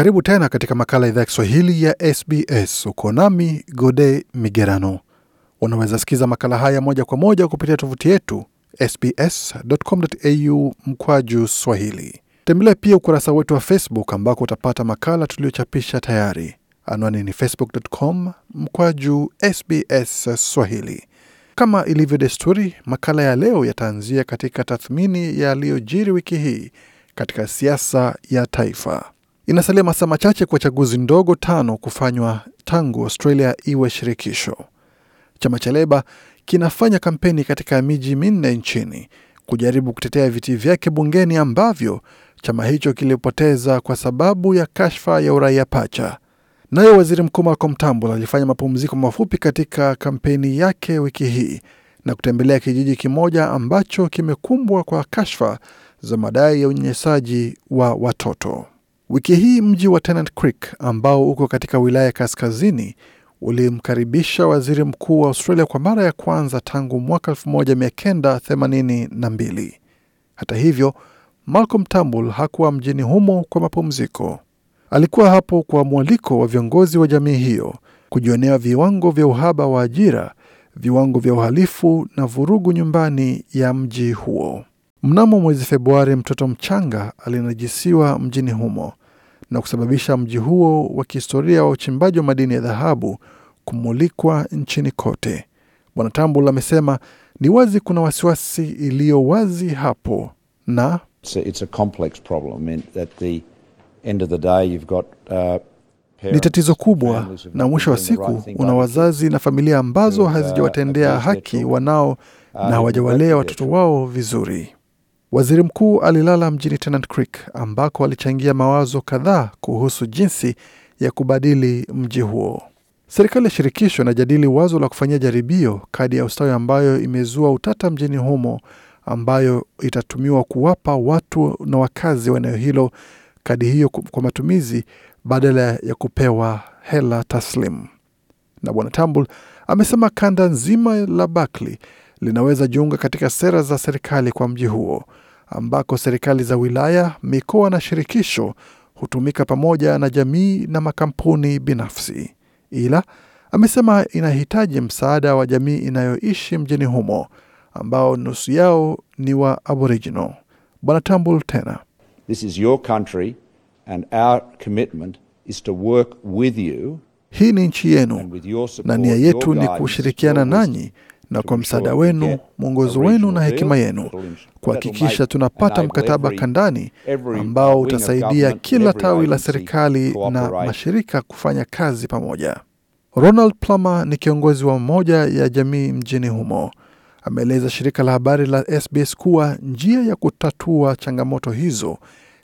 Karibu tena katika makala idhaa ya Kiswahili ya SBS. Uko nami Gode Migerano. Unaweza sikiza makala haya moja kwa moja kupitia tovuti yetu sbs.com.au mkwaju swahili. Tembelea pia ukurasa wetu wa Facebook ambako utapata makala tuliochapisha tayari. Anwani ni facebook.com mkwaju SBS Swahili. Kama ilivyo desturi, makala ya leo yataanzia katika tathmini yaliyojiri wiki hii katika siasa ya taifa inasalia masaa machache kwa chaguzi ndogo tano kufanywa tangu Australia iwe shirikisho. Chama cha Leba kinafanya kampeni katika miji minne nchini kujaribu kutetea viti vyake bungeni ambavyo chama hicho kilipoteza kwa sababu ya kashfa ya uraia pacha. Naye waziri mkuu Malcolm Turnbull alifanya mapumziko mafupi katika kampeni yake wiki hii na kutembelea kijiji kimoja ambacho kimekumbwa kwa kashfa za madai ya unyanyasaji wa watoto. Wiki hii mji wa Tennant Creek ambao uko katika wilaya kaskazini ulimkaribisha waziri mkuu wa Australia kwa mara ya kwanza tangu mwaka 1982. Hata hivyo, Malcolm Turnbull hakuwa mjini humo kwa mapumziko. Alikuwa hapo kwa mwaliko wa viongozi wa jamii hiyo kujionea viwango vya uhaba wa ajira, viwango vya uhalifu na vurugu nyumbani ya mji huo. Mnamo mwezi Februari, mtoto mchanga alinajisiwa mjini humo na kusababisha mji huo wa kihistoria wa uchimbaji wa madini ya dhahabu kumulikwa nchini kote. Bwana Tambul amesema ni wazi kuna wasiwasi iliyo wazi hapo na uh, ni tatizo kubwa, na mwisho wa siku una wazazi na familia ambazo uh, hazijawatendea haki wanao uh, na hawajawalea watoto wao vizuri. Waziri mkuu alilala mjini Tennant Creek ambako alichangia mawazo kadhaa kuhusu jinsi ya kubadili mji huo. Serikali ya shirikisho inajadili wazo la kufanyia jaribio kadi ya ustawi ambayo imezua utata mjini humo, ambayo itatumiwa kuwapa watu na wakazi wa eneo hilo kadi hiyo kwa matumizi badala ya kupewa hela taslim. Na bwana Tambul amesema kanda nzima la Bakli linaweza jiunga katika sera za serikali kwa mji huo ambako serikali za wilaya, mikoa na shirikisho hutumika pamoja na jamii na makampuni binafsi. Ila amesema inahitaji msaada wa jamii inayoishi mjini humo ambao nusu yao ni wa Aboriginal. Bwana Tambul tena, This is your country and our commitment is to work with you. Hii ni nchi yenu na nia yetu ni kushirikiana nanyi na kwa msaada wenu, mwongozo wenu na hekima yenu kuhakikisha tunapata mkataba kandani ambao utasaidia kila tawi la serikali na mashirika kufanya kazi pamoja. Ronald Plummer ni kiongozi wa moja ya jamii mjini humo. Ameeleza shirika la habari la SBS kuwa njia ya kutatua changamoto hizo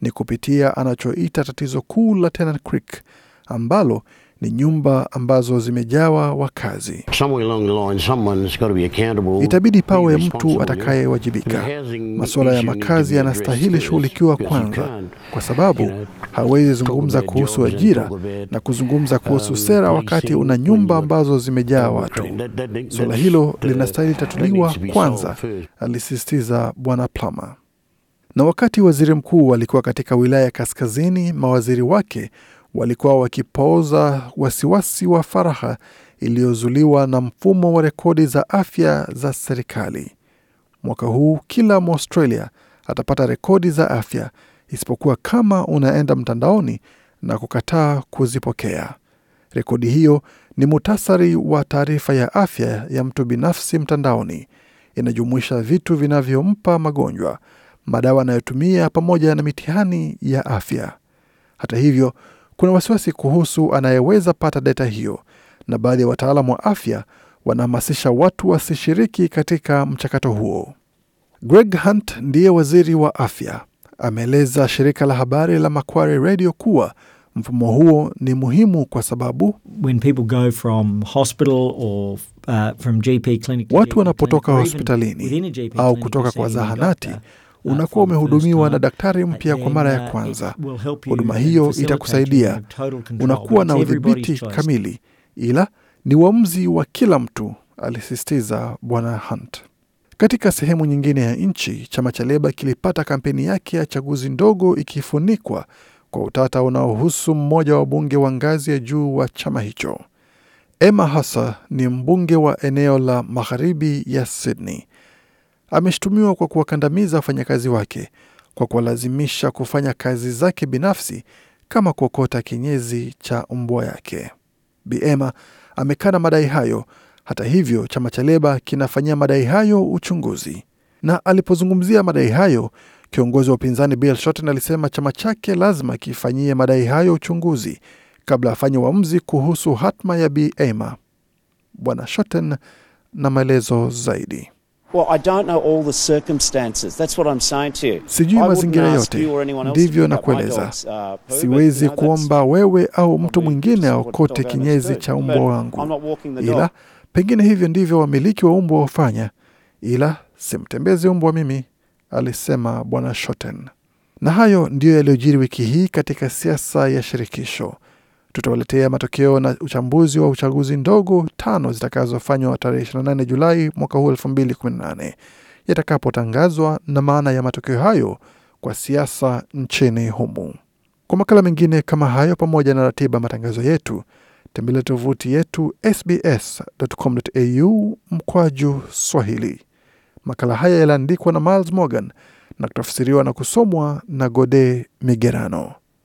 ni kupitia anachoita tatizo kuu la Tennant Creek ambalo ni nyumba ambazo zimejawa wakazi. Itabidi pawe mtu atakayewajibika. Masuala ya makazi yanastahili shughulikiwa kwanza, kwa sababu hawezi zungumza kuhusu ajira na kuzungumza kuhusu um, sera wakati una nyumba ambazo zimejaa watu. Suala hilo linastahili tatuliwa kwanza, alisisitiza Bwana Plama. Na wakati waziri mkuu alikuwa katika wilaya ya kaskazini, mawaziri wake walikuwa wakipooza wasiwasi wa faraha iliyozuliwa na mfumo wa rekodi za afya za serikali. Mwaka huu kila Mwaustralia atapata rekodi za afya isipokuwa kama unaenda mtandaoni na kukataa kuzipokea. Rekodi hiyo ni muhtasari wa taarifa ya afya ya mtu binafsi mtandaoni. Inajumuisha vitu vinavyompa magonjwa, madawa anayotumia pamoja na mitihani ya afya. Hata hivyo, kuna wasiwasi kuhusu anayeweza pata data hiyo, na baadhi ya wataalam wa afya wanahamasisha watu wasishiriki katika mchakato huo. Greg Hunt ndiye waziri wa afya, ameeleza shirika la habari la Macquarie Radio kuwa mfumo huo ni muhimu kwa sababu When people go from hospital or, uh, from GP clinic, watu wanapotoka hospitalini au kutoka kwa zahanati unakuwa umehudumiwa na daktari mpya kwa mara ya uh, kwanza. Huduma hiyo itakusaidia, unakuwa na udhibiti kamili, ila ni uamuzi wa kila mtu, alisisitiza Bwana Hunt. Katika sehemu nyingine ya nchi, chama cha Leba kilipata kampeni yake ya chaguzi ndogo ikifunikwa kwa utata unaohusu mmoja wa bunge wa ngazi ya juu wa chama hicho. Emma Hasa ni mbunge wa eneo la magharibi ya Sydney ameshutumiwa kwa kuwakandamiza wafanyakazi wake kwa kuwalazimisha kufanya kazi zake binafsi kama kuokota kinyezi cha mbwa yake. Biema amekana madai hayo. Hata hivyo, chama cha Leba kinafanyia madai hayo uchunguzi. Na alipozungumzia madai hayo, kiongozi wa upinzani Bill Shorten alisema chama chake lazima kifanyie madai hayo uchunguzi kabla afanye uamuzi kuhusu hatma ya Biema. Bwana Shorten na maelezo zaidi. Sijui mazingira yote, ndivyo nakueleza. Uh, Siwezi kuomba wewe au mtu mwingine aokote kinyezi cha umbwa wangu, ila pengine hivyo ndivyo wamiliki wa umbwa wafanya, ila simtembezi umbwa mimi, alisema Bwana Shoten. Na hayo ndiyo yaliyojiri wiki hii katika siasa ya shirikisho tutawaletea matokeo na uchambuzi wa uchaguzi ndogo tano zitakazofanywa tarehe 28 Julai mwaka huu 2018 yatakapotangazwa na maana ya matokeo hayo kwa siasa nchini humu Kwa makala mengine kama hayo, pamoja na ratiba matangazo yetu, tembelea tovuti yetu sbs.com.au mkwaju Swahili. Makala haya yaliandikwa na Miles Morgan na kutafsiriwa na kusomwa na Gode Migerano.